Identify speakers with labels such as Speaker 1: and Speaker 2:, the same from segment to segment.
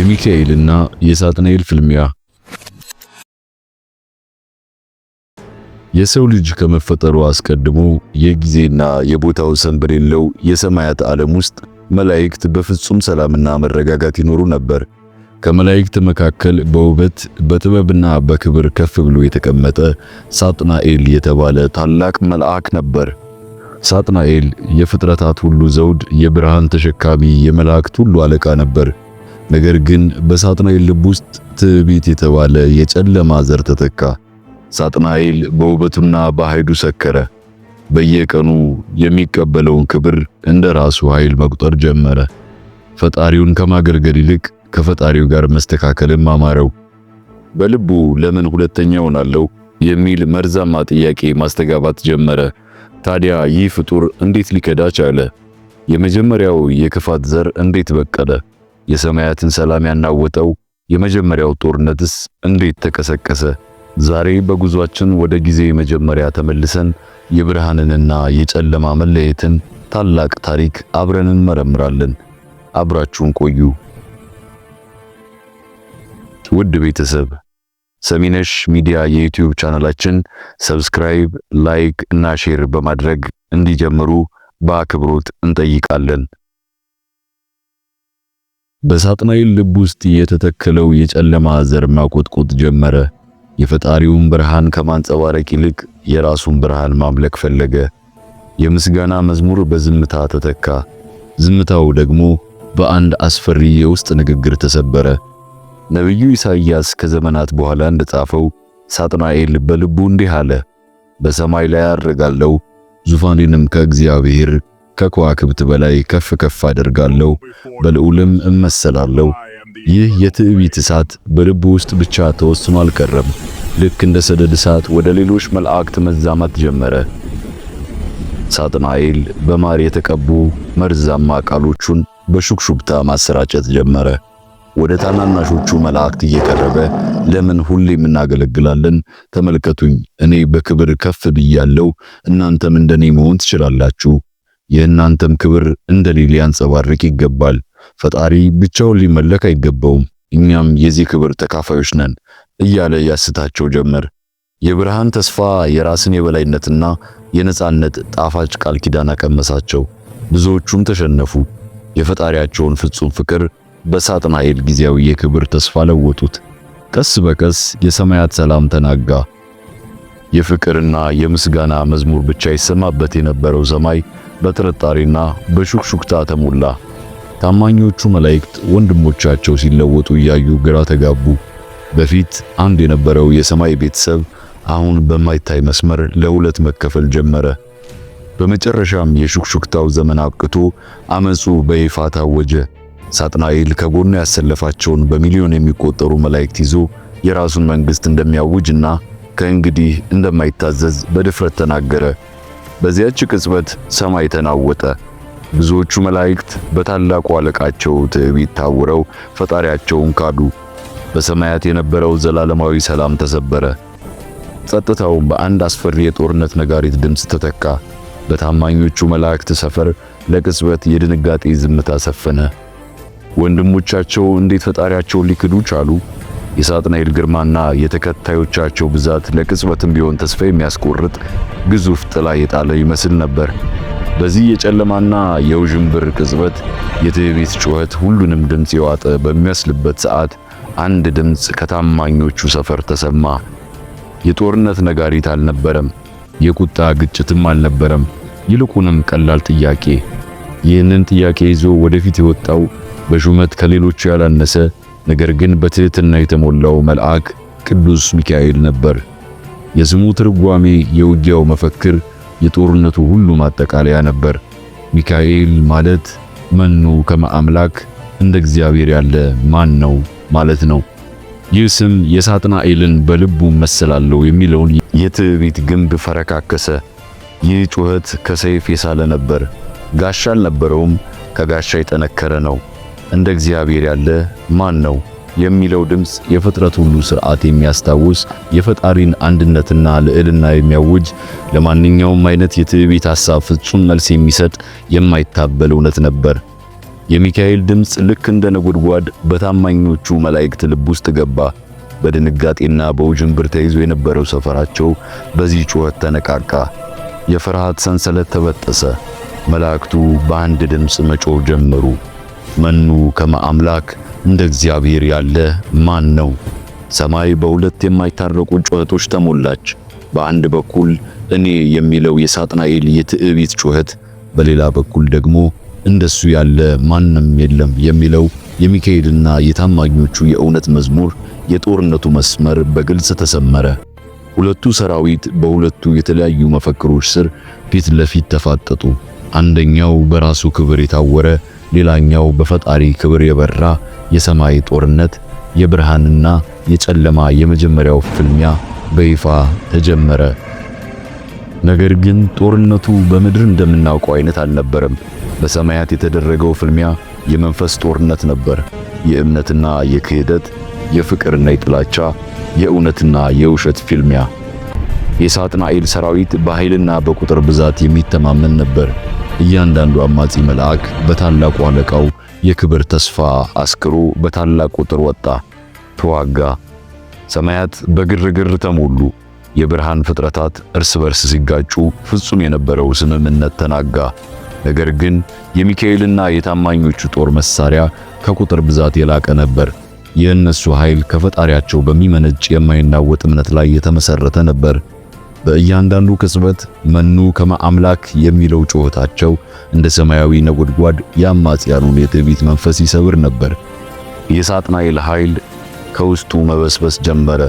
Speaker 1: እና የሳጥናኤል ፍልሚያ የሰው ልጅ ከመፈጠሩ አስቀድሞ የጊዜና የቦታ ወሰን በሌለው የሰማያት ዓለም ውስጥ መላእክት በፍጹም ሰላምና መረጋጋት ይኖሩ ነበር። ከመላእክት መካከል በውበት በጥበብና በክብር ከፍ ብሎ የተቀመጠ ሳጥናኤል የተባለ ታላቅ መልአክ ነበር። ሳጥናኤል የፍጥረታት ሁሉ ዘውድ፣ የብርሃን ተሸካሚ፣ የመላእክት ሁሉ አለቃ ነበር። ነገር ግን በሳጥናኤል ልብ ውስጥ ትዕቢት የተባለ የጨለማ ዘር ተተካ። ሳጥናኤል በውበቱና በኃይሉ ሰከረ። በየቀኑ የሚቀበለውን ክብር እንደ ራሱ ኃይል መቁጠር ጀመረ። ፈጣሪውን ከማገልገል ይልቅ ከፈጣሪው ጋር መስተካከልን አማረው። በልቡ ለምን ሁለተኛ እሆናለሁ የሚል መርዛማ ጥያቄ ማስተጋባት ጀመረ። ታዲያ ይህ ፍጡር እንዴት ሊከዳ ቻለ? የመጀመሪያው የክፋት ዘር እንዴት በቀለ? የሰማያትን ሰላም ያናወጠው የመጀመሪያው ጦርነትስ እንዴት ተቀሰቀሰ? ዛሬ በጉዟችን ወደ ጊዜ መጀመሪያ ተመልሰን የብርሃንንና የጨለማ መለየትን ታላቅ ታሪክ አብረን እንመረምራለን። አብራችሁን ቆዩ። ውድ ቤተሰብ ሰሚነሽ ሚዲያ የዩቲዩብ ቻናላችን ሰብስክራይብ፣ ላይክ እና ሼር በማድረግ እንዲጀምሩ በአክብሮት እንጠይቃለን። በሳጥናኤል ልብ ውስጥ የተተከለው የጨለማ ዘር ማቆጥቆጥ ጀመረ። የፈጣሪውን ብርሃን ከማንጸባረቅ ይልቅ የራሱን ብርሃን ማምለክ ፈለገ። የምስጋና መዝሙር በዝምታ ተተካ። ዝምታው ደግሞ በአንድ አስፈሪ የውስጥ ንግግር ተሰበረ። ነቢዩ ኢሳይያስ ከዘመናት በኋላ እንደጻፈው ሳጥናኤል በልቡ እንዲህ አለ፣ በሰማይ ላይ አድርጋለሁ ዙፋኔንም ከእግዚአብሔር ከከዋክብት በላይ ከፍ ከፍ አደርጋለሁ፣ በልዑልም እመሰላለሁ። ይህ የትዕቢት እሳት በልብ ውስጥ ብቻ ተወስኖ አልቀረም። ልክ እንደ ሰደድ እሳት ወደ ሌሎች መላእክት መዛማት ጀመረ። ሳጥናኤል በማር የተቀቡ መርዛማ ቃሎቹን በሹክሹክታ ማሰራጨት ጀመረ። ወደ ታናናሾቹ መላእክት እየቀረበ ለምን ሁሌም እናገለግላለን? ተመልከቱኝ፣ እኔ በክብር ከፍ ብያለሁ፣ እናንተም እንደኔ መሆን ትችላላችሁ የእናንተም ክብር እንደ ሊል ሊያንጸባርቅ ይገባል። ፈጣሪ ብቻውን ሊመለክ አይገባውም፣ እኛም የዚህ ክብር ተካፋዮች ነን እያለ ያስታቸው ጀመር። የብርሃን ተስፋ የራስን የበላይነትና የነጻነት ጣፋጭ ቃል ኪዳን አቀመሳቸው። ብዙዎቹም ተሸነፉ። የፈጣሪያቸውን ፍጹም ፍቅር በሳጥናኤል ጊዜያዊ የክብር ተስፋ ለወጡት። ቀስ በቀስ የሰማያት ሰላም ተናጋ። የፍቅርና የምስጋና መዝሙር ብቻ ይሰማበት የነበረው ሰማይ በጥርጣሬና በሹክሹክታ ተሞላ። ታማኞቹ መላእክት ወንድሞቻቸው ሲለወጡ እያዩ ግራ ተጋቡ። በፊት አንድ የነበረው የሰማይ ቤተሰብ አሁን በማይታይ መስመር ለሁለት መከፈል ጀመረ። በመጨረሻም የሹክሹክታው ዘመን አብቅቶ አመጹ በይፋ ታወጀ። ሳጥናኤል ከጎኑ ያሰለፋቸውን በሚሊዮን የሚቆጠሩ መላእክት ይዞ የራሱን መንግስት እንደሚያውጅና ከእንግዲህ እንደማይታዘዝ በድፍረት ተናገረ። በዚያች ቅጽበት ሰማይ ተናወጠ። ብዙዎቹ መላእክት በታላቁ አለቃቸው ትዕቢት ታውረው ፈጣሪያቸውን ካዱ። በሰማያት የነበረው ዘላለማዊ ሰላም ተሰበረ። ጸጥታውም በአንድ አስፈሪ የጦርነት ነጋሪት ድምፅ ተተካ። በታማኞቹ መላእክት ሰፈር ለቅጽበት የድንጋጤ ዝምታ ሰፈነ። ወንድሞቻቸው እንዴት ፈጣሪያቸውን ሊክዱ ቻሉ? የሳጥናኤል ግርማና የተከታዮቻቸው ብዛት ለቅጽበትም ቢሆን ተስፋ የሚያስቆርጥ ግዙፍ ጥላ የጣለ ይመስል ነበር። በዚህ የጨለማና የውዥንብር ቅጽበት የትዕቢት ጩኸት ሁሉንም ድምፅ የዋጠ በሚመስልበት ሰዓት አንድ ድምፅ ከታማኞቹ ሰፈር ተሰማ። የጦርነት ነጋሪት አልነበረም፣ የቁጣ ግጭትም አልነበረም። ይልቁንም ቀላል ጥያቄ። ይህንን ጥያቄ ይዞ ወደፊት የወጣው በሹመት ከሌሎቹ ያላነሰ ነገር ግን በትሕትና የተሞላው መልአክ ቅዱስ ሚካኤል ነበር። የስሙ ትርጓሜ የውጊያው መፈክር፣ የጦርነቱ ሁሉ ማጠቃለያ ነበር። ሚካኤል ማለት መኑ ከመ አምላክ እንደ እግዚአብሔር ያለ ማን ነው ማለት ነው። ይህ ስም የሳጥናኤልን በልቡ መሰላለው የሚለውን የትዕቢት ግንብ ፈረካከሰ። ይህ ጩኸት ከሰይፍ የሳለ ነበር። ጋሻ አልነበረውም፣ ከጋሻ የጠነከረ ነው። እንደ እግዚአብሔር ያለ ማን ነው የሚለው ድምፅ የፍጥረት ሁሉ ሥርዓት የሚያስታውስ የፈጣሪን አንድነትና ልዕልና የሚያውጅ ለማንኛውም አይነት የትዕቢት ሐሳብ ፍጹም መልስ የሚሰጥ የማይታበል እውነት ነበር። የሚካኤል ድምፅ ልክ እንደ ነጎድጓድ በታማኞቹ መላእክት ልብ ውስጥ ገባ። በድንጋጤና በውዥንብር ተይዞ የነበረው ሰፈራቸው በዚህ ጩኸት ተነቃቃ። የፍርሃት ሰንሰለት ተበጠሰ። መላእክቱ በአንድ ድምፅ መጮህ ጀመሩ። መኑ ከመ አምላክ እንደ እግዚአብሔር ያለ ማን ነው? ሰማይ በሁለት የማይታረቁ ጩኸቶች ተሞላች። በአንድ በኩል እኔ የሚለው የሳጥናኤል የትዕቢት ጩኸት፣ በሌላ በኩል ደግሞ እንደሱ ያለ ማንም የለም የሚለው የሚካኤልና የታማኞቹ የእውነት መዝሙር። የጦርነቱ መስመር በግልጽ ተሰመረ። ሁለቱ ሰራዊት በሁለቱ የተለያዩ መፈክሮች ስር ፊት ለፊት ተፋጠጡ። አንደኛው በራሱ ክብር የታወረ ሌላኛው በፈጣሪ ክብር የበራ የሰማይ ጦርነት የብርሃንና የጨለማ የመጀመሪያው ፍልሚያ በይፋ ተጀመረ። ነገር ግን ጦርነቱ በምድር እንደምናውቀው አይነት አልነበረም። በሰማያት የተደረገው ፍልሚያ የመንፈስ ጦርነት ነበር። የእምነትና የክህደት፣ የፍቅርና የጥላቻ፣ የእውነትና የውሸት ፍልሚያ። የሳጥናኤል ሰራዊት በኃይልና በቁጥር ብዛት የሚተማመን ነበር። እያንዳንዱ አማጺ መልአክ በታላቁ አለቃው የክብር ተስፋ አስክሮ በታላቅ ቁጥር ወጣ፣ ተዋጋ። ሰማያት በግርግር ተሞሉ። የብርሃን ፍጥረታት እርስ በርስ ሲጋጩ ፍጹም የነበረው ስምምነት ተናጋ። ነገር ግን የሚካኤልና የታማኞቹ ጦር መሳሪያ ከቁጥር ብዛት የላቀ ነበር። የእነሱ ኃይል ከፈጣሪያቸው በሚመነጭ የማይናወጥ እምነት ላይ የተመሰረተ ነበር። በእያንዳንዱ ቅጽበት መኑ ከመ አምላክ የሚለው ጩኸታቸው እንደ ሰማያዊ ነጎድጓድ የአማጽያኑን የትዕቢት መንፈስ ይሰብር ነበር። የሳጥናኤል ኃይል ከውስጡ መበስበስ ጀመረ።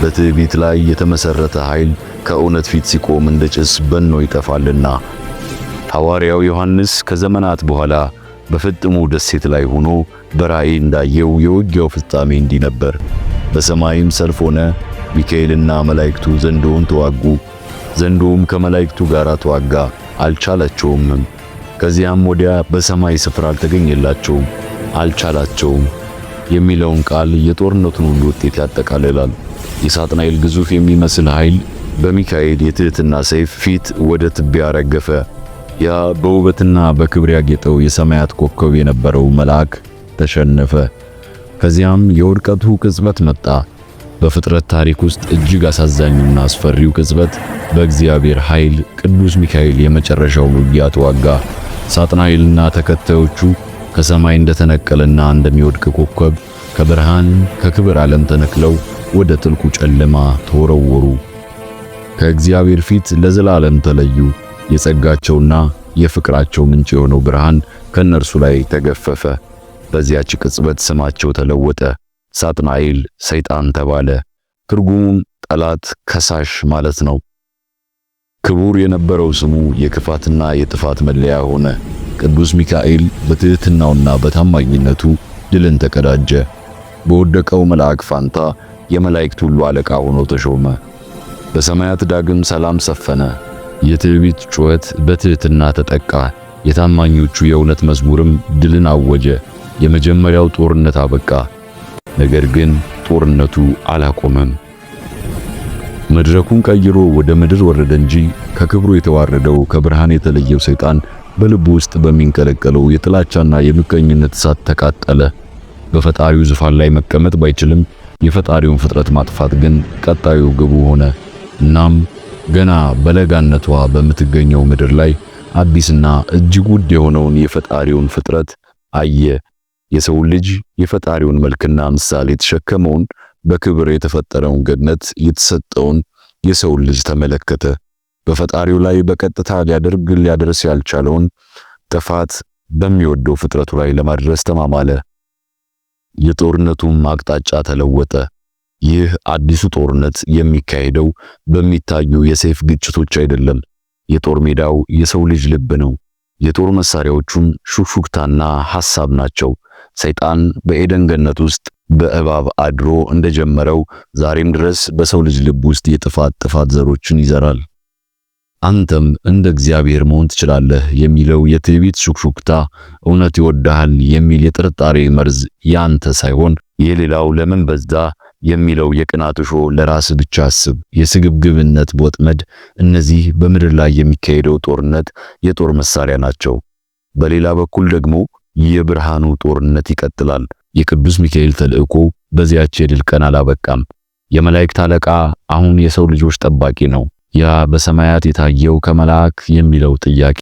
Speaker 1: በትዕቢት ላይ የተመሰረተ ኃይል ከእውነት ፊት ሲቆም እንደ ጭስ በኖ ይጠፋልና። ሐዋርያው ዮሐንስ ከዘመናት በኋላ በፍጥሙ ደሴት ላይ ሆኖ በራእይ እንዳየው የውጊያው ፍጻሜ እንዲህ ነበር። በሰማይም ሰልፍ ሆነ ሚካኤልና መላእክቱ ዘንዶውን ተዋጉ። ዘንዶውም ከመላእክቱ ጋር ተዋጋ፣ አልቻላቸውም። ከዚያም ወዲያ በሰማይ ስፍራ አልተገኘላቸውም። አልቻላቸውም የሚለውን ቃል የጦርነቱን ሁሉ ውጤት ያጠቃልላል። የሳጥናኤል ግዙፍ የሚመስል ኃይል በሚካኤል የትህትና ሰይፍ ፊት ወደ ትቢያ ረገፈ። ያ በውበትና በክብር ያጌጠው የሰማያት ኮከብ የነበረው መልአክ ተሸነፈ። ከዚያም የውድቀቱ ቅጽበት መጣ። በፍጥረት ታሪክ ውስጥ እጅግ አሳዛኙና አስፈሪው ቅጽበት በእግዚአብሔር ኃይል ቅዱስ ሚካኤል የመጨረሻው ውጊያ ተዋጋ። ሳጥናኤልና ተከታዮቹ ከሰማይ እንደተነቀለና እንደሚወድቅ ኮከብ ከብርሃን ከክብር ዓለም ተነክለው ወደ ጥልቁ ጨለማ ተወረወሩ። ከእግዚአብሔር ፊት ለዘላለም ተለዩ። የጸጋቸውና የፍቅራቸው ምንጭ የሆነው ብርሃን ከነርሱ ላይ ተገፈፈ። በዚያች ቅጽበት ስማቸው ተለወጠ። ሳጥናኤል ሰይጣን ተባለ። ትርጉሙም ጠላት፣ ከሳሽ ማለት ነው። ክቡር የነበረው ስሙ የክፋትና የጥፋት መለያ ሆነ። ቅዱስ ሚካኤል በትሕትናውና በታማኝነቱ ድልን ተቀዳጀ። በወደቀው መልአክ ፋንታ የመላእክት ሁሉ አለቃ ሆኖ ተሾመ። በሰማያት ዳግም ሰላም ሰፈነ። የትዕቢት ጩኸት በትሕትና ተጠቃ። የታማኞቹ የእውነት መዝሙርም ድልን አወጀ። የመጀመሪያው ጦርነት አበቃ። ነገር ግን ጦርነቱ አላቆመም። መድረኩን ቀይሮ ወደ ምድር ወረደ እንጂ ከክብሩ የተዋረደው ከብርሃን የተለየው ሰይጣን በልቡ ውስጥ በሚንቀለቀለው የጥላቻና የምቀኝነት እሳት ተቃጠለ። በፈጣሪው ዙፋን ላይ መቀመጥ ባይችልም የፈጣሪውን ፍጥረት ማጥፋት ግን ቀጣዩ ግቡ ሆነ። እናም ገና በለጋነቷ በምትገኘው ምድር ላይ አዲስና እጅግ ውድ የሆነውን የፈጣሪውን ፍጥረት አየ። የሰው ልጅ የፈጣሪውን መልክና ምሳሌ የተሸከመውን በክብር የተፈጠረውን ገነት የተሰጠውን የሰው ልጅ ተመለከተ። በፈጣሪው ላይ በቀጥታ ሊያደርግ ሊያደርስ ያልቻለውን ጥፋት በሚወደው ፍጥረቱ ላይ ለማድረስ ተማማለ። የጦርነቱም አቅጣጫ ተለወጠ። ይህ አዲሱ ጦርነት የሚካሄደው በሚታዩ የሰይፍ ግጭቶች አይደለም። የጦር ሜዳው የሰው ልጅ ልብ ነው። የጦር መሳሪያዎቹም ሹክሹክታና ሐሳብ ናቸው። ሰይጣን በኤደን ገነት ውስጥ በእባብ አድሮ እንደጀመረው ዛሬም ድረስ በሰው ልጅ ልብ ውስጥ የጥፋት ጥፋት ዘሮችን ይዘራል። አንተም እንደ እግዚአብሔር መሆን ትችላለህ የሚለው የትዕቢት ሹክሹክታ፣ እውነት ይወድሃል የሚል የጥርጣሬ መርዝ ያንተ ሳይሆን የሌላው ለምን በዛ የሚለው የቅናት ሾ፣ ለራስ ብቻ አስብ፣ የስግብግብነት ወጥመድ፣ እነዚህ በምድር ላይ የሚካሄደው ጦርነት የጦር መሳሪያ ናቸው። በሌላ በኩል ደግሞ የብርሃኑ ጦርነት ይቀጥላል። የቅዱስ ሚካኤል ተልእኮ በዚያች የድል ቀን አላበቃም። የመላእክት አለቃ አሁን የሰው ልጆች ጠባቂ ነው። ያ በሰማያት የታየው ከመልአክ የሚለው ጥያቄ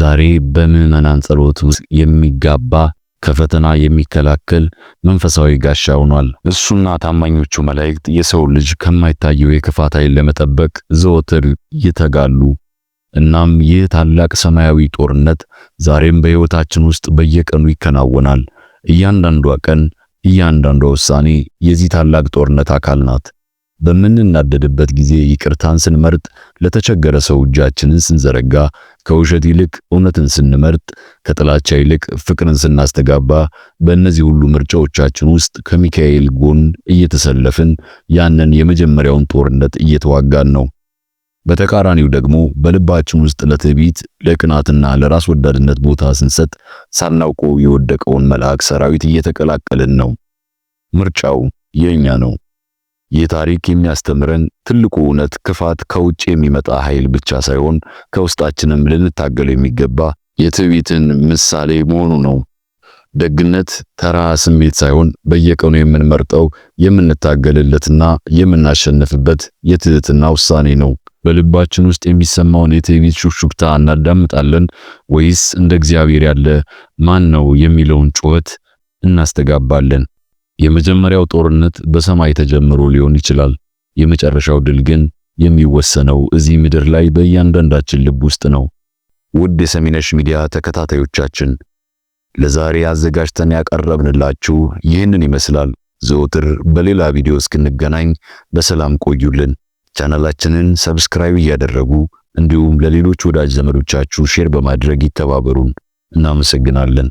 Speaker 1: ዛሬ በምዕመናን ጸሎት ውስጥ የሚጋባ ከፈተና የሚከላከል መንፈሳዊ ጋሻ ሆኗል። እሱና ታማኞቹ መላእክት የሰው ልጅ ከማይታየው የክፋት ኃይል ለመጠበቅ ዘወትር ይተጋሉ። እናም ይህ ታላቅ ሰማያዊ ጦርነት ዛሬም በሕይወታችን ውስጥ በየቀኑ ይከናወናል። እያንዳንዷ ቀን፣ እያንዳንዷ ውሳኔ የዚህ ታላቅ ጦርነት አካል ናት። በምንናደድበት ጊዜ ይቅርታን ስንመርጥ፣ ለተቸገረ ሰው እጃችንን ስንዘረጋ፣ ከውሸት ይልቅ እውነትን ስንመርጥ፣ ከጥላቻ ይልቅ ፍቅርን ስናስተጋባ፣ በእነዚህ ሁሉ ምርጫዎቻችን ውስጥ ከሚካኤል ጎን እየተሰለፍን ያንን የመጀመሪያውን ጦርነት እየተዋጋን ነው። በተቃራኒው ደግሞ በልባችን ውስጥ ለትዕቢት፣ ለቅናትና ለራስ ወዳድነት ቦታ ስንሰጥ ሳናውቀው የወደቀውን መልአክ ሰራዊት እየተቀላቀልን ነው። ምርጫው የኛ ነው። ይህ ታሪክ የሚያስተምረን ትልቁ እውነት ክፋት ከውጭ የሚመጣ ኃይል ብቻ ሳይሆን ከውስጣችንም ልንታገለው የሚገባ የትዕቢትን ምሳሌ መሆኑ ነው። ደግነት ተራ ስሜት ሳይሆን በየቀኑ የምንመርጠው የምንታገልለትና የምናሸንፍበት የትህትና ውሳኔ ነው። በልባችን ውስጥ የሚሰማውን የትዕቢት ሹክሹክታ እናዳምጣለን ወይስ እንደ እግዚአብሔር ያለ ማን ነው የሚለውን ጩኸት እናስተጋባለን? የመጀመሪያው ጦርነት በሰማይ ተጀምሮ ሊሆን ይችላል። የመጨረሻው ድል ግን የሚወሰነው እዚህ ምድር ላይ በእያንዳንዳችን ልብ ውስጥ ነው። ውድ የሰሚነሽ ሚዲያ ተከታታዮቻችን ለዛሬ አዘጋጅተን ያቀረብንላችሁ ይህንን ይመስላል። ዘወትር በሌላ ቪዲዮ እስክንገናኝ በሰላም ቆዩልን። ቻናላችንን ሰብስክራይብ እያደረጉ እንዲሁም ለሌሎች ወዳጅ ዘመዶቻችሁ ሼር በማድረግ ይተባበሩን። እናመሰግናለን።